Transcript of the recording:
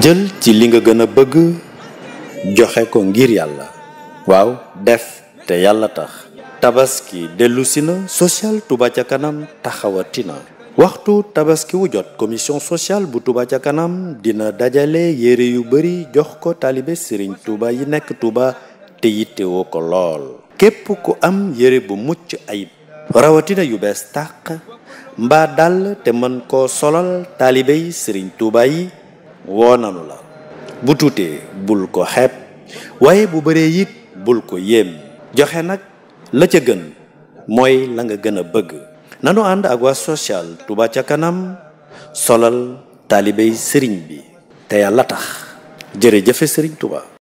jël ci li nga gën a bëgg joxe ko ngir yàlla waaw def te yàlla tax tabaski dellusi na social Touba ca kanam taxawati na waxtu tabaski jot commission sociale bu Touba ca kanam dina dajale yére yu bari jox ko taalibe Serigne Touba yi nekk Touba te yittewoo ko lool képp ku am yére bu mucc ayib rawatina yu bees tàq mbaa dal te mën koo solal taalibe yi Serigne yi woo nanu la bu tuutee bul ko xepp waaye bu bëree yit bul ko yéem joxe nag la ca gën mooy la nga gën a bëgg nanu ànd ak waa social Touba ca kanam solal taalibey sëriñ bi te yàlla tax jëre jërëjëfe sëriñ tubaa